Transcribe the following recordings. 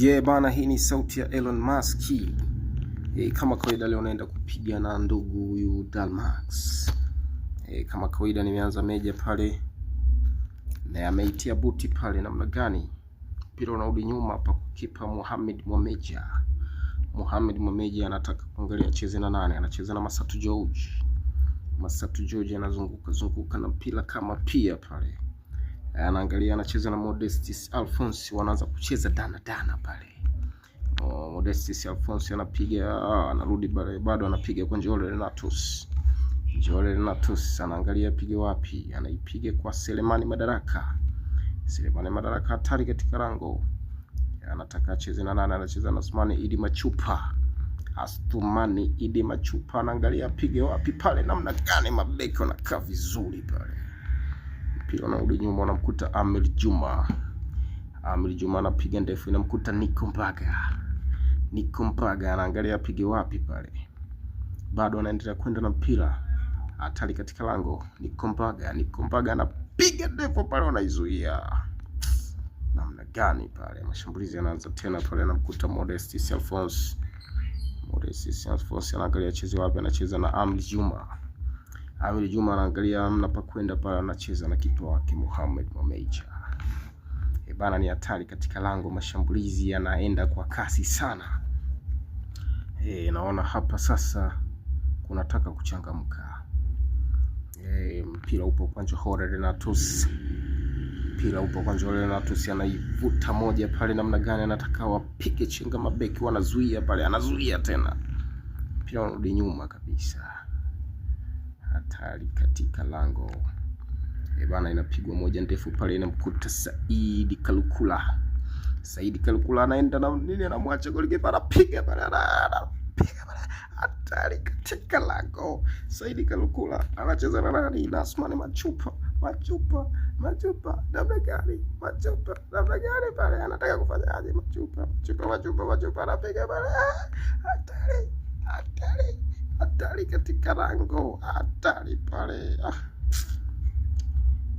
Yeah, bana, hii ni sauti ya Elon Musk. E, kama kawaida leo naenda kupiga na ndugu huyu Dalmax. E, eh, kama kawaida nimeanza meja pale na ameitia buti pale namna gani, mpira unarudi nyuma hapa kukipa Mohamed Mwameja. Mohamed Mwameja anataka kuangalia acheze na nani? Anacheza na Masatu George. Masatu George anazunguka zunguka na mpira kama pia pale anaangalia anacheza na Modestis Alphonse, wanaanza kucheza dana dana pale. Oh, Modestis Alphonse anapiga ah, anarudi pale, bado anapiga kwa Joel Renatus. Joel Renatus anaangalia apige wapi, anaipiga kwa Selemani Madaraka. Selemani Madaraka hatari katika rango, anataka acheze na nani? Anacheza na Asmani Idi Machupa. Astumani Idi Machupa anaangalia apige wapi pale, namna gani mabeki wanakaa vizuri pale wapi? Wanarudi nyuma, wanamkuta Amir Juma. Amir Juma anapiga ndefu, inamkuta Nico Mbaga. Nico Mbaga anaangalia apige wapi pale, bado anaendelea kwenda na mpira, hatari katika lango. Nico Mbaga, Nico Mbaga anapiga ndefu pale, wanaizuia namna gani pale? Mashambulizi yanaanza tena pale, anamkuta Modest Alphonse. Modest Alphonse anaangalia acheze wapi, anacheza na Amir Juma Awil Juma anaangalia namna pa kwenda pale, anacheza na kitu wake Mohamed Mameja. E bana, ni hatari katika lango, mashambulizi yanaenda kwa kasi sana. E, naona hapa sasa kunataka kuchangamka. E, mpira upo kwanja Jorge Renatus, mpira upo kwanja Jorge Renatus, anaivuta moja pale, namna gani anataka wapige chenga, mabeki wanazuia pale, anazuia tena, mpira unarudi nyuma kabisa hatari katika lango. E bana, inapigwa moja ndefu pale, inamkuta Saidi Kalukula. Saidi Kalukula anaenda na nini, anamwacha golikipa, anapiga pale, anapiga pale, hatari katika lango. Saidi Kalukula anacheza na nani? Na Asmani Machupa, Machupa, Machupa namna gani? Machupa namna gani pale, anataka kufanyaje? Machupa, Machupa, Machupa, Machupa anapiga pale Karango hatari pale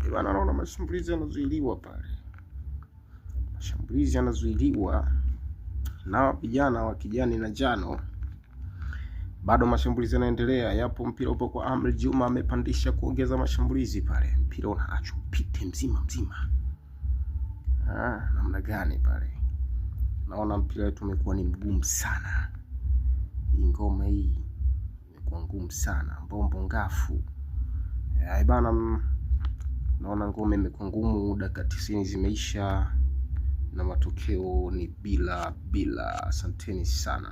bwana, ah. naona mashambulizi yanazuiliwa pale, mashambulizi yanazuiliwa na vijana wa kijani na njano. Bado mashambulizi yanaendelea, yapo mpira upo kwa Amri Juma, amepandisha kuongeza mashambulizi pale, mpira unaachwa upite mzima mzima. Ah, namna gani pale, naona mpira wetu umekuwa ni mgumu sana, ingoma hii inakuwa ngumu sana, mbombo ngafu e, bana. Mm, naona ngome imekuwa ngumu, dakika tisini zimeisha na matokeo ni bila bila. Asanteni sana.